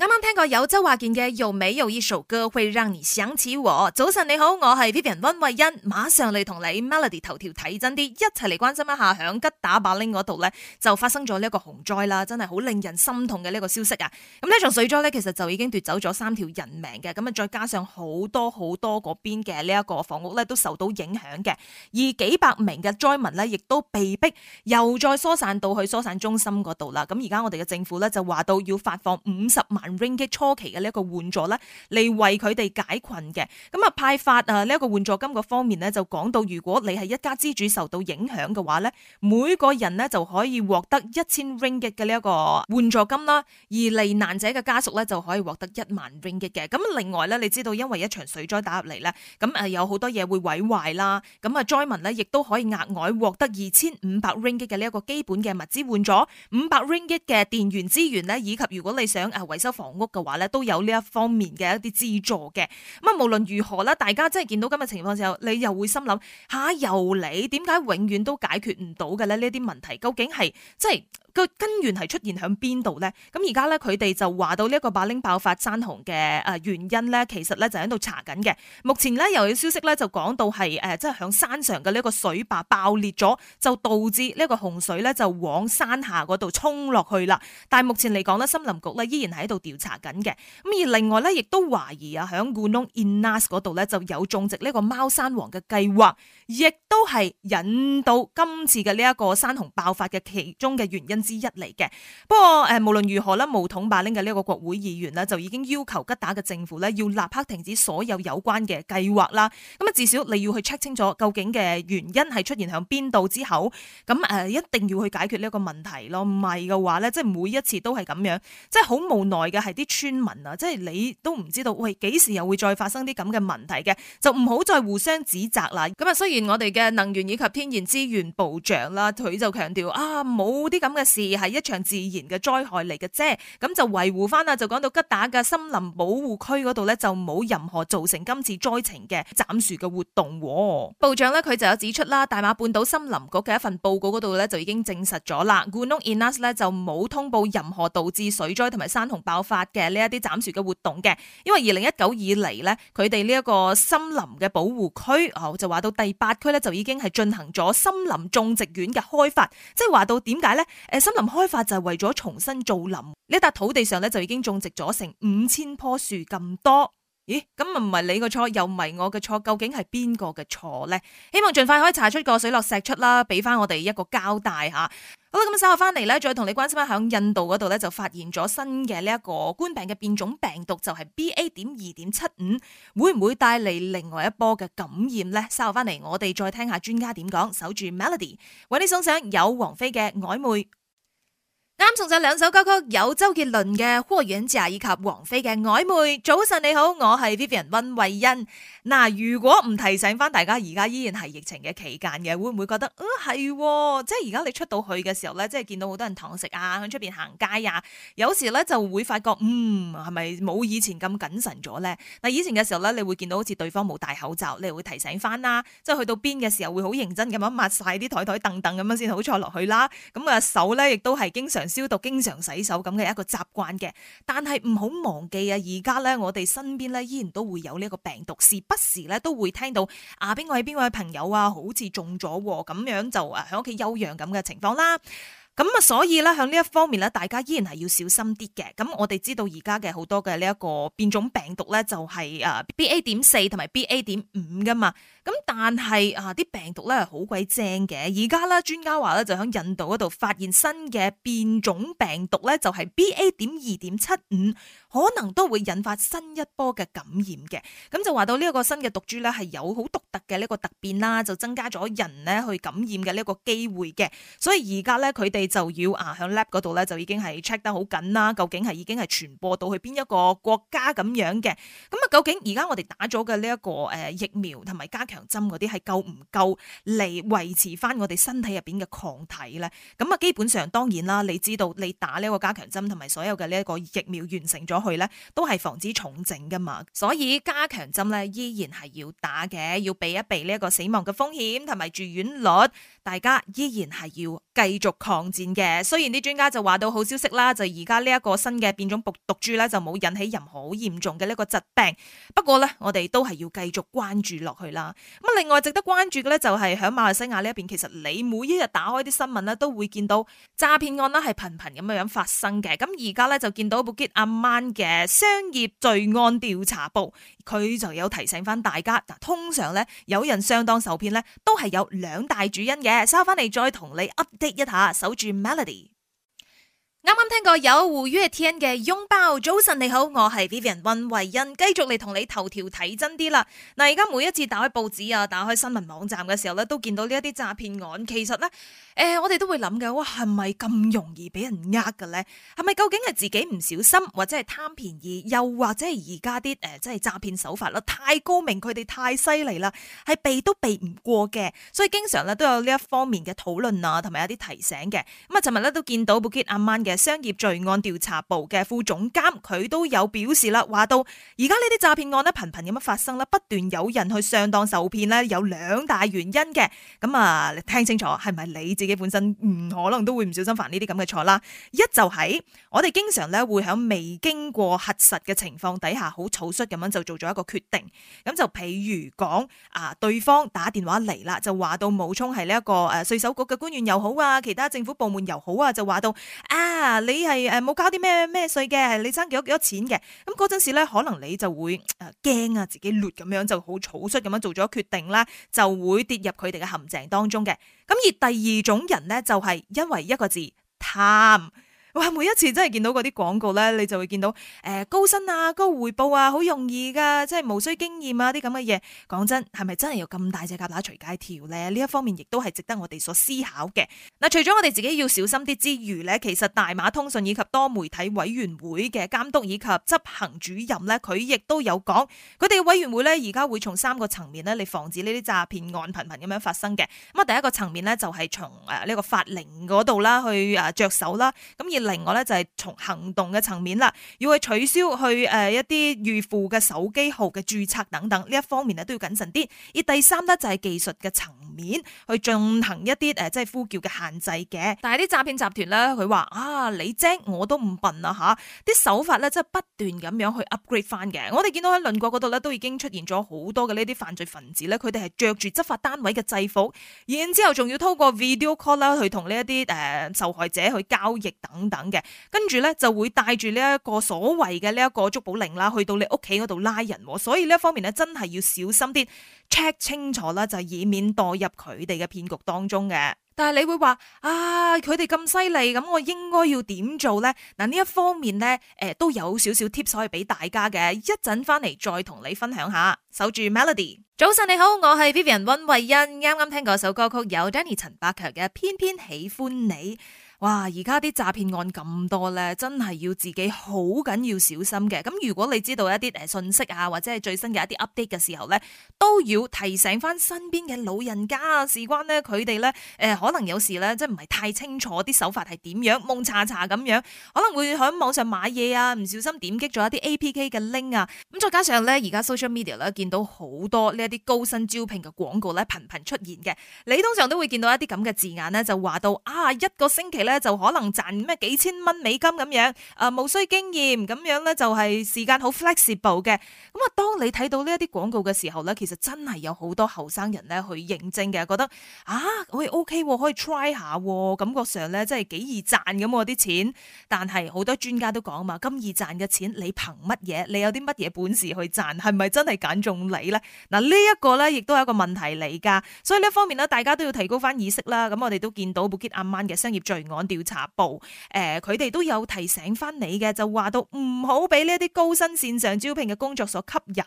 啱啱聽過有周華健嘅又美又一首歌會讓你想起我。早晨你好，我係 Vivian 溫慧欣，馬上嚟，同你 Melody 頭條睇真啲，一齊嚟關心一下響吉打巴令嗰度咧就發生咗呢個洪災啦，真係好令人心痛嘅呢個消息啊！咁呢場水災咧，其實就已經奪走咗三條人命嘅，咁啊再加上好多好多嗰邊嘅呢一個房屋咧都受到影響嘅，而幾百名嘅災民咧亦都被迫又再疏散到去疏散中心嗰度啦。咁而家我哋嘅政府咧就話到要發放五十萬。Ringgit 初期嘅呢一個援助咧，嚟為佢哋解困嘅。咁啊派發啊呢一個援助金個方面咧，就講到如果你係一家之主受到影響嘅話咧，每個人咧就可以獲得一千 Ringgit 嘅呢一個援助金啦。而罹難者嘅家屬咧就可以獲得一萬 Ringgit 嘅。咁另外咧，你知道因為一場水災打入嚟咧，咁啊有好多嘢會毀壞啦。咁啊災民咧亦都可以額外獲得二千五百 Ringgit 嘅呢一個基本嘅物資援助，五百 Ringgit 嘅電源資源咧，以及如果你想啊維修房屋嘅話咧，都有呢一方面嘅一啲資助嘅。咁啊，無論如何啦，大家真係見到今日情況之後，你又會心諗吓、啊，又嚟，點解永遠都解決唔到嘅咧？呢啲問題究竟係即係個根源係出現響邊度咧？咁而家咧，佢哋就話到呢一個白陵爆發山洪嘅誒原因咧，其實咧就喺度查緊嘅。目前咧，又有消息咧就講到係誒，即係響山上嘅呢一個水壩爆裂咗，就導致呢個洪水咧就往山下嗰度沖落去啦。但係目前嚟講咧，森林局咧依然係喺度調查緊嘅，咁而另外咧，亦都懷疑啊，響 Gunung Inas 嗰度咧，就有種植呢個貓山王嘅計劃，亦都係引到今次嘅呢一個山洪爆發嘅其中嘅原因之一嚟嘅。不過誒、呃，無論如何咧，巫統巴拎嘅呢一個國會議員咧就已經要求吉打嘅政府咧要立刻停止所有有關嘅計劃啦。咁啊，至少你要去 check 清楚究竟嘅原因係出現響邊度之後，咁誒、呃、一定要去解決呢一個問題咯。唔係嘅話咧，即係每一次都係咁樣，即係好無奈嘅。係啲村民啊，即係你都唔知道，喂，幾時又會再發生啲咁嘅問題嘅，就唔好再互相指責啦。咁啊，雖然我哋嘅能源以及天然資源部長啦，佢就強調啊，冇啲咁嘅事係一場自然嘅災害嚟嘅啫。咁就維護翻啦，就講到吉打嘅森林保護區嗰度呢，就冇任何造成今次災情嘅斬樹嘅活動。部長呢，佢就有指出啦，大馬半島森林局嘅一份報告嗰度呢，就已經證實咗啦。Gunung 了 Inas 呢，就冇通報任何導致水災同埋山洪爆發嘅呢一啲斬樹嘅活動嘅，因為二零一九以嚟呢，佢哋呢一個森林嘅保護區，哦就話到第八區呢，就已經係進行咗森林種植園嘅開發，即係話到點解呢？誒，森林開發就係為咗重新造林，呢笪土地上呢，就已經種植咗成五千棵樹咁多。咦，咁唔係你個錯，又唔係我嘅錯，究竟係邊個嘅錯呢？希望盡快可以查出個水落石出啦，俾翻我哋一個交代吓。好啦，咁稍後翻嚟咧，再同你關心翻，響印度嗰度咧就發現咗新嘅呢一個冠病嘅變種病毒，就係 B A 點二點七五，會唔會帶嚟另外一波嘅感染呢？稍後翻嚟，我哋再聽下專家點講，守住 Melody，為你送上有王菲嘅曖昧。啱，送上兩首歌曲，有周杰倫嘅《霍元甲》以及王菲嘅《曖昧》。早晨你好，我係 Vivian 溫慧欣。嗱，如果唔提醒翻大家，而家依然係疫情嘅期間嘅，會唔會覺得係係、哦哦？即係而家你出到去嘅時候咧，即係見到好多人堂食啊，響出邊行街呀，有時咧就會發覺，嗯，係咪冇以前咁謹慎咗咧？嗱，以前嘅時候咧，你會見到好似對方冇戴口罩，你會提醒翻啦。即係去到邊嘅時候，會好認真咁樣抹晒啲台台凳凳咁樣先好坐落去啦。咁嘅手咧，亦都係經常。消毒、經常洗手咁嘅一個習慣嘅，但係唔好忘記啊！而家咧，我哋身邊咧依然都會有呢一個病毒，時不時咧都會聽到啊，邊個係邊個嘅朋友啊，好似中咗咁樣就誒喺屋企休養咁嘅情況啦。咁啊，所以咧向呢一方面咧，大家依然係要小心啲嘅。咁我哋知道而家嘅好多嘅呢一個變種病毒咧，就係誒 BA 點四同埋 BA 點五噶嘛咁但係啊，啲病毒咧係好鬼正嘅。而家咧，專家話咧就響印度嗰度發現新嘅變種病毒咧，就係 BA 點二點七五，可能都會引發新一波嘅感染嘅。咁就話到呢一個新嘅毒株咧，係有好獨特嘅呢個突變啦，就增加咗人咧去感染嘅呢個機會嘅。所以而家咧，佢哋就要啊響 lab 度咧，就已經係 check 得好緊啦，究竟係已經係傳播到去邊一個國家咁樣嘅。咁啊，究竟而家我哋打咗嘅呢一個誒、呃、疫苗同埋加強針嗰啲係夠唔夠嚟維持翻我哋身體入邊嘅抗體咧？咁啊，基本上當然啦，你知道你打呢個加強針同埋所有嘅呢一個疫苗完成咗去咧，都係防止重症噶嘛。所以加強針咧依然係要打嘅，要避一避呢一個死亡嘅風險同埋住院率。大家依然係要繼續抗戰嘅。雖然啲專家就話到好消息啦，就而家呢一個新嘅變種毒毒株咧就冇引起任何好嚴重嘅呢個疾病。不過咧，我哋都係要繼續關注落去啦。咁另外值得關注嘅咧，就係喺馬來西亞呢一邊，其實你每一日打開啲新聞咧，都會見到詐騙案啦，係頻頻咁樣樣發生嘅。咁而家咧就見到《Bukit Aman》嘅商業罪案調查部，佢就有提醒翻大家，嗱，通常咧有人上當受騙咧，都係有兩大主因嘅。稍翻嚟再同你 update 一下，守住 Melody。啱啱聽過有胡于天嘅擁抱，早晨你好，我係 Vivian 溫慧欣，繼續嚟同你頭條睇真啲啦。嗱，而家每一次打開報紙啊，打開新聞網站嘅時候咧，都見到呢一啲詐騙案。其實咧，誒、呃，我哋都會諗嘅，哇，係咪咁容易俾人呃嘅咧？係咪究竟係自己唔小心，或者係貪便宜，又或者係而家啲誒，即係詐騙手法咧太高明，佢哋太犀利啦，係避都避唔過嘅。所以經常咧都有呢一方面嘅討論啊，同埋有啲提醒嘅。咁啊，尋日咧都見到布吉阿媽嘅。商業罪案調查部嘅副總監，佢都有表示啦，話到而家呢啲詐騙案咧頻頻咁樣發生啦，不斷有人去上當受騙咧，有兩大原因嘅。咁啊，你聽清楚係咪你自己本身唔可能都會唔小心犯呢啲咁嘅錯啦？一就係我哋經常咧會喺未經過核實嘅情況底下，好草率咁樣就做咗一個決定。咁就譬如講啊，對方打電話嚟啦，就話到冒充係呢一個誒，稅收局嘅官員又好啊，其他政府部門又好啊，就話到啊。啊！你係誒冇交啲咩咩稅嘅，你賺幾多幾多錢嘅？咁嗰陣時咧，可能你就會誒驚啊，自己劣咁樣，就好草率咁樣做咗決定咧，就會跌入佢哋嘅陷阱當中嘅。咁而第二種人咧，就係因為一個字貪。哇！每一次真係見到嗰啲廣告咧，你就會見到誒、欸、高薪啊、高回報啊、好容易㗎，即係無需經驗啊啲咁嘅嘢。講真，係咪真係有咁大隻蛤乸隨街跳咧？呢一方面亦都係值得我哋所思考嘅。嗱，除咗我哋自己要小心啲之餘咧，其實大馬通訊以及多媒體委員會嘅監督以及執行主任咧，佢亦都有講，佢哋委員會咧而家會從三個層面咧嚟防止呢啲詐騙案頻頻咁樣發生嘅。咁啊，第一個層面咧就係從誒呢個法令嗰度啦去誒着手啦。咁另外咧就係從行動嘅層面啦，要去取消去誒、呃、一啲預付嘅手機號嘅註冊等等，呢一方面咧都要謹慎啲。而第三咧就係技術嘅層面去進行一啲誒即係呼叫嘅限制嘅。但係啲詐騙集團咧，佢話啊，你精我都唔笨啊，吓，啲手法咧即係不斷咁樣去 upgrade 翻嘅。我哋見到喺鄰國嗰度咧都已經出現咗好多嘅呢啲犯罪分子咧，佢哋係着住執法單位嘅制服，然之後仲要透過 video call 啦去同呢一啲誒受害者去交易等。等嘅，跟住咧就會帶住呢一個所謂嘅呢一個祝寶令啦，去到你屋企嗰度拉人，所以呢一方面咧真係要小心啲，check 清楚啦，就以免墮入佢哋嘅騙局當中嘅。但係你會話啊，佢哋咁犀利，咁我應該要點做咧？嗱呢一方面咧，誒、呃、都有少少 tips 可以俾大家嘅，一陣返嚟再同你分享下。守住 Melody，早晨你好，我係 Vivian 温慧欣，啱啱聽過首歌曲有 Danny 陳百強嘅《偏偏喜歡你》。哇！而家啲詐騙案咁多咧，真係要自己好緊要小心嘅。咁如果你知道一啲誒信息啊，或者係最新嘅一啲 update 嘅時候咧，都要提醒翻身邊嘅老人家啊，事關咧佢哋咧可能有時咧即係唔係太清楚啲手法係點樣蒙查查咁樣，可能會喺網上買嘢啊，唔小心點擊咗一啲 APK 嘅 link 啊。咁再加上咧而家 social media 咧見到好多呢一啲高薪招聘嘅廣告咧頻頻出現嘅，你通常都會見到一啲咁嘅字眼咧，就話到啊一個星期咧。咧就可能賺咩幾千蚊美金咁樣，誒、呃、無需經驗咁樣咧就係時間好 flexible 嘅。咁啊，當你睇到呢一啲廣告嘅時候咧，其實真係有好多後生人咧去認證嘅，覺得啊可 OK 可以，OK、以 try 下，感覺上咧真係幾易賺咁嗰啲錢。但係好多專家都講嘛，咁易賺嘅錢你憑乜嘢？你有啲乜嘢本事去賺？係咪真係揀中你咧？嗱呢一個咧亦都係一個問題嚟噶。所以呢方面咧，大家都要提高翻意識啦。咁我哋都見到 Budget 阿媽嘅商業罪案調查部，誒，佢哋都有提醒翻你嘅，就話到唔好俾呢一啲高薪線上招聘嘅工作所吸引。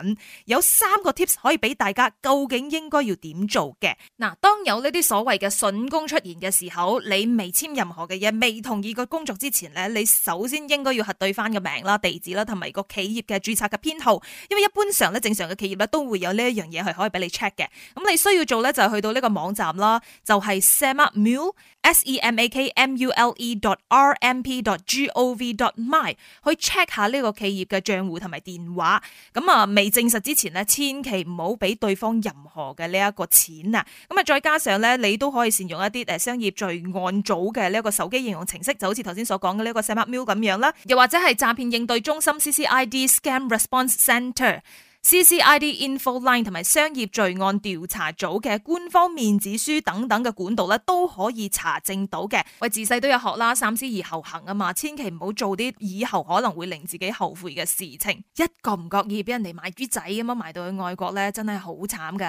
有三個 tips 可以俾大家，究竟應該要點做嘅？嗱，當有呢啲所謂嘅筍工出現嘅時候，你未簽任何嘅嘢，未同意個工作之前咧，你首先應該要核對翻個名啦、地址啦，同埋個企業嘅注冊嘅編號，因為一般上咧正常嘅企業咧都會有呢一樣嘢係可以俾你 check 嘅。咁你需要做咧就係去到呢個網站啦，就係 semakmu，S-E-M-A-K-M-U ule.dot.rmp.dot.gov.dot.my 可以 check 下呢個企業嘅賬戶同埋電話，咁啊未證實之前咧，千祈唔好俾對方任何嘅呢一個錢啊！咁啊，再加上咧，你都可以善用一啲誒商業罪案組嘅呢一個手機應用程式，就好似頭先所講嘅呢一個 SmartMill 咁樣啦，又或者係詐騙應對中心 CCID Scam Response Center。C C I D Info Line 同埋商業罪案調查組嘅官方面子書等等嘅管道咧，都可以查證到嘅。喂自細都有學啦，三思而後行啊嘛，千祈唔好做啲以後可能會令自己後悔嘅事情。一個唔覺意俾人哋賣豬仔咁樣賣到去外國咧，真係好慘噶。